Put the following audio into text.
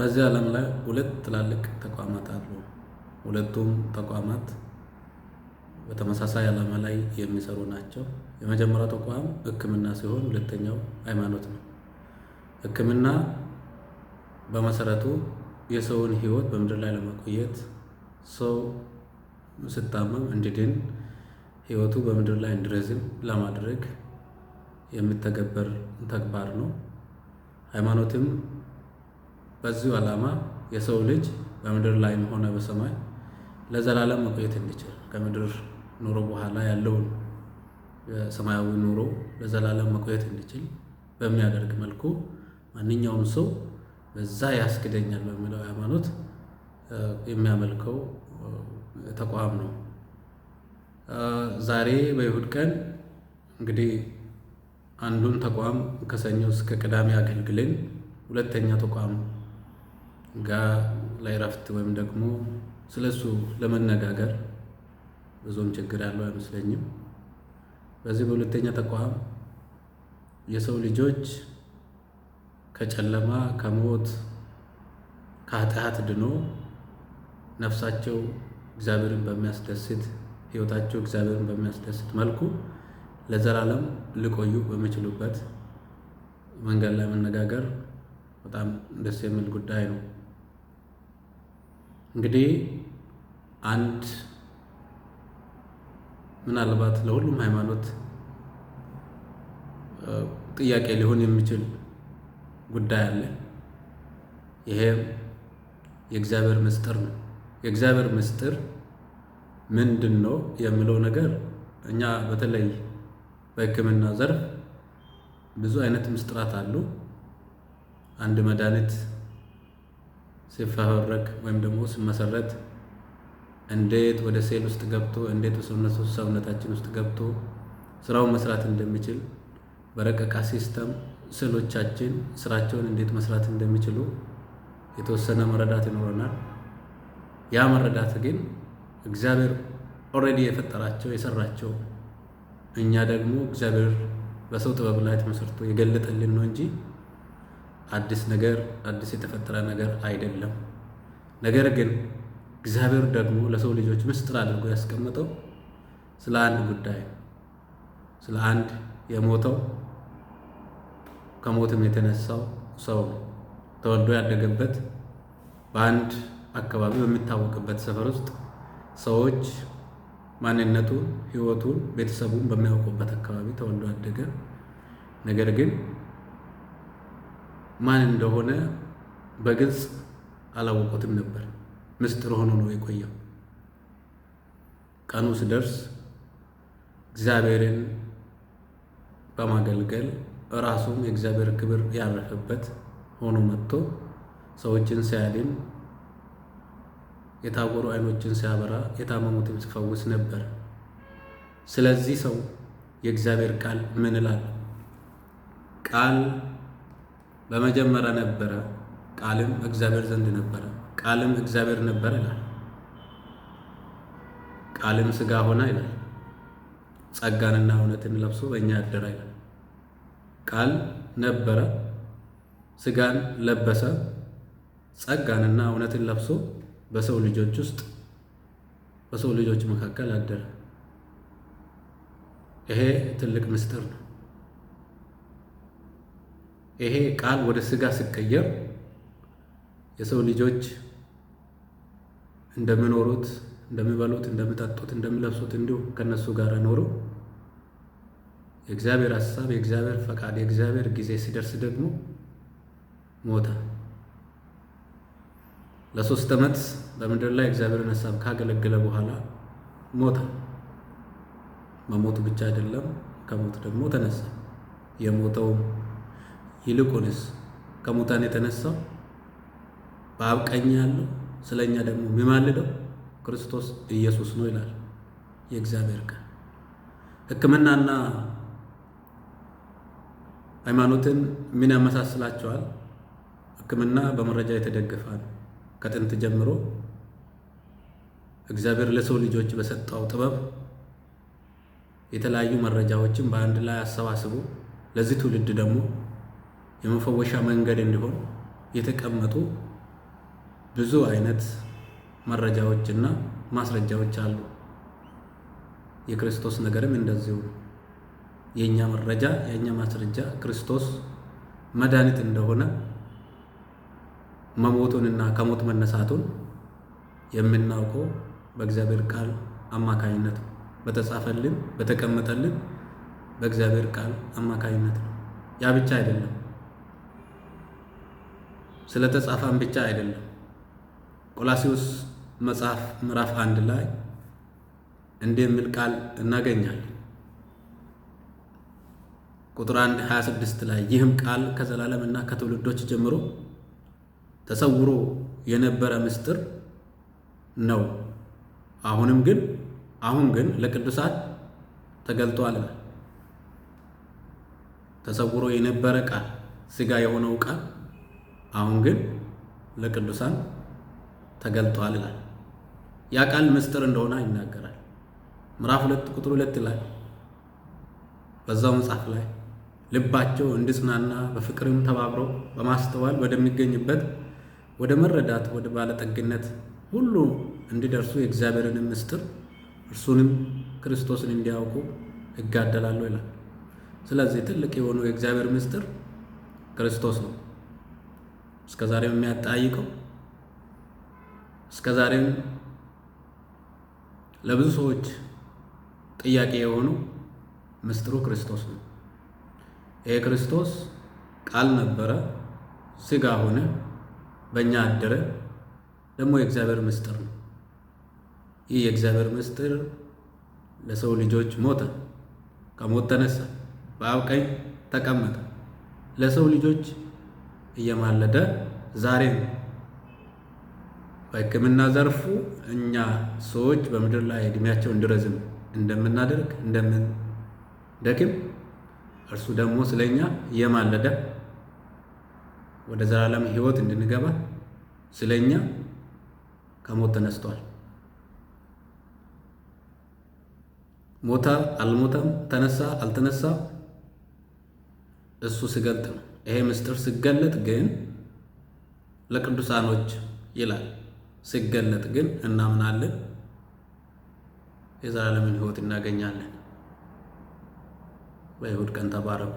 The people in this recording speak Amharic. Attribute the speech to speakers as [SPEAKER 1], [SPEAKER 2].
[SPEAKER 1] በዚህ ዓለም ላይ ሁለት ትላልቅ ተቋማት አሉ። ሁለቱም ተቋማት በተመሳሳይ ዓላማ ላይ የሚሰሩ ናቸው። የመጀመሪያው ተቋም ሕክምና ሲሆን ሁለተኛው ሃይማኖት ነው። ሕክምና በመሰረቱ የሰውን ሕይወት በምድር ላይ ለማቆየት ሰው ስታመም እንዲድን ሕይወቱ በምድር ላይ እንዲረዝም ለማድረግ የሚተገበር ተግባር ነው። ሃይማኖትም በዚሁ ዓላማ የሰው ልጅ በምድር ላይም ሆነ በሰማይ ለዘላለም መቆየት እንዲችል ከምድር ኑሮ በኋላ ያለውን ሰማያዊ ኑሮ ለዘላለም መቆየት እንዲችል በሚያደርግ መልኩ ማንኛውም ሰው በዛ ያስክደኛል በሚለው ሃይማኖት የሚያመልከው ተቋም ነው። ዛሬ በይሁድ ቀን እንግዲህ አንዱን ተቋም ከሰኞ እስከ ቅዳሜ አገልግልን፣ ሁለተኛ ተቋም ጋር ላይ ረፍት ወይም ደግሞ ስለሱ ለመነጋገር ብዙም ችግር ያለው አይመስለኝም። በዚህ በሁለተኛ ተቋም የሰው ልጆች ከጨለማ ከሞት ከኃጢአት ድኖ ነፍሳቸው እግዚአብሔርን በሚያስደስት ህይወታቸው እግዚአብሔርን በሚያስደስት መልኩ ለዘላለም ሊቆዩ በሚችሉበት መንገድ ላይ መነጋገር በጣም ደስ የሚል ጉዳይ ነው። እንግዲህ አንድ ምናልባት ለሁሉም ሃይማኖት ጥያቄ ሊሆን የሚችል ጉዳይ አለ። ይሄም የእግዚአብሔር ምስጢር ነው። የእግዚአብሔር ምስጢር ምንድን ነው የሚለው ነገር እኛ በተለይ በሕክምና ዘርፍ ብዙ አይነት ምስጢራት አሉ። አንድ መድኃኒት ሲፈበረክ ወይም ደግሞ ሲመሰረት እንዴት ወደ ሴል ውስጥ ገብቶ እንዴት ሰውነት ሰውነታችን ውስጥ ገብቶ ስራውን መስራት እንደሚችል በረቀቃ ሲስተም ስዕሎቻችን ስራቸውን እንዴት መስራት እንደሚችሉ የተወሰነ መረዳት ይኖረናል። ያ መረዳት ግን እግዚአብሔር ኦልሬዲ የፈጠራቸው የሰራቸው እኛ ደግሞ እግዚአብሔር በሰው ጥበብ ላይ ተመስርቶ የገለጠልን ነው እንጂ አዲስ ነገር አዲስ የተፈጠረ ነገር አይደለም። ነገር ግን እግዚአብሔር ደግሞ ለሰው ልጆች ምስጢር አድርጎ ያስቀመጠው ስለ አንድ ጉዳይ ስለ አንድ የሞተው ከሞትም የተነሳው ሰው ተወልዶ ያደገበት በአንድ አካባቢ በሚታወቅበት ሰፈር ውስጥ ሰዎች ማንነቱን፣ ሕይወቱን፣ ቤተሰቡን በሚያውቁበት አካባቢ ተወልዶ ያደገ ነገር ግን ማን እንደሆነ በግልጽ አላወቁትም ነበር። ምስጢር ሆኖ ነው የቆየው። ቀኑ ሲደርስ እግዚአብሔርን በማገልገል ራሱም የእግዚአብሔር ክብር ያረፈበት ሆኖ መጥቶ ሰዎችን ሲያድን የታወሩ አይኖችን ሲያበራ የታመሙትም ሲፈውስ ነበር። ስለዚህ ሰው የእግዚአብሔር ቃል ምን ይላል? ቃል በመጀመሪያ ነበረ፣ ቃልም እግዚአብሔር ዘንድ ነበረ፣ ቃልም እግዚአብሔር ነበረ ይላል። ቃልም ስጋ ሆነ ይላል። ጸጋንና እውነትን ለብሶ በእኛ አደረ ይላል። ቃል ነበረ፣ ስጋን ለበሰ፣ ጸጋንና እውነትን ለብሶ በሰው ልጆች ውስጥ በሰው ልጆች መካከል አደረ። ይሄ ትልቅ ምስጢር ነው። ይሄ ቃል ወደ ስጋ ሲቀየር የሰው ልጆች እንደሚኖሩት፣ እንደሚበሉት፣ እንደሚጠጡት፣ እንደሚለብሱት እንዲሁ ከነሱ ጋር ኖሩ። የእግዚአብሔር ሀሳብ፣ የእግዚአብሔር ፈቃድ፣ የእግዚአብሔር ጊዜ ሲደርስ ደግሞ ሞተ። ለሶስት ዓመት በምድር ላይ እግዚአብሔርን ሀሳብ ካገለገለ በኋላ ሞተ። መሞቱ ብቻ አይደለም፣ ከሞት ደግሞ ተነሳ። የሞተው ይልቁንስ ከሙታን የተነሳው በአብ ቀኝ ያለው ስለ እኛ ደግሞ የሚማልደው ክርስቶስ ኢየሱስ ነው ይላል የእግዚአብሔር ቃል። ሕክምናና ሃይማኖትን ምን ያመሳስላቸዋል? ሕክምና በመረጃ የተደገፈ ነው። ከጥንት ጀምሮ እግዚአብሔር ለሰው ልጆች በሰጠው ጥበብ የተለያዩ መረጃዎችን በአንድ ላይ አሰባስቦ ለዚህ ትውልድ ደግሞ የመፈወሻ መንገድ እንዲሆን የተቀመጡ ብዙ አይነት መረጃዎችና ማስረጃዎች አሉ። የክርስቶስ ነገርም እንደዚሁ ነው። የእኛ መረጃ የእኛ ማስረጃ ክርስቶስ መድኃኒት እንደሆነ መሞቱንና ከሞት መነሳቱን የምናውቀው በእግዚአብሔር ቃል አማካኝነት ነው። በተጻፈልን በተቀመጠልን በእግዚአብሔር ቃል አማካኝነት ነው። ያ ብቻ አይደለም። ስለተጻፈም ብቻ አይደለም። ቆላሲዎስ መጽሐፍ ምዕራፍ አንድ ላይ እንዲህ የሚል ቃል እናገኛለን። ቁጥር 1 26 ላይ ይህም ቃል ከዘላለም እና ከትውልዶች ጀምሮ ተሰውሮ የነበረ ምስጢር ነው፣ አሁንም ግን አሁን ግን ለቅዱሳት ተገልጧል። ተሰውሮ የነበረ ቃል ስጋ የሆነው ቃል አሁን ግን ለቅዱሳን ተገልጧል ይላል። ያ ቃል ምስጢር እንደሆነ ይናገራል። ምዕራፍ ሁለት ቁጥር ሁለት ላይ በዛው መጽሐፍ ላይ ልባቸው እንዲጽናና በፍቅርም ተባብረው በማስተዋል ወደሚገኝበት ወደ መረዳት ወደ ባለጠግነት ሁሉ እንዲደርሱ የእግዚአብሔርንም ምስጢር እርሱንም ክርስቶስን እንዲያውቁ እጋደላለሁ ይላል። ስለዚህ ትልቅ የሆነው የእግዚአብሔር ምስጢር ክርስቶስ ነው። እስከ ዛሬም የሚያጠያይቀው እስከ ዛሬም ለብዙ ሰዎች ጥያቄ የሆነው ምስጢሩ ክርስቶስ ነው። ይሄ ክርስቶስ ቃል ነበረ፣ ስጋ ሆነ፣ በእኛ አደረ። ደግሞ የእግዚአብሔር ምስጢር ነው። ይህ የእግዚአብሔር ምስጢር ለሰው ልጆች ሞተ፣ ከሞት ተነሳ፣ በአብ ቀኝ ተቀመጠ ለሰው ልጆች እየማለደ ነው። በሕክምና ዘርፉ እኛ ሰዎች በምድር ላይ እድሜያቸው እንዲረዝም እንደምናደርግ እንደምንደክም እርሱ ደግሞ ስለኛ እየማለደ ወደ ዘላለም ህይወት እንድንገባ ስለኛ ከሞት ተነስቷል። ሞታ አልሞተም፣ ተነሳ አልተነሳ እሱ ሲገልጥ ነው። ይሄ ምስጢር ሲገለጥ ግን ለቅዱሳኖች ይላል። ሲገለጥ ግን እናምናለን፣ የዘላለምን ሕይወት እናገኛለን። በይሁድ ቀን ተባረኩ።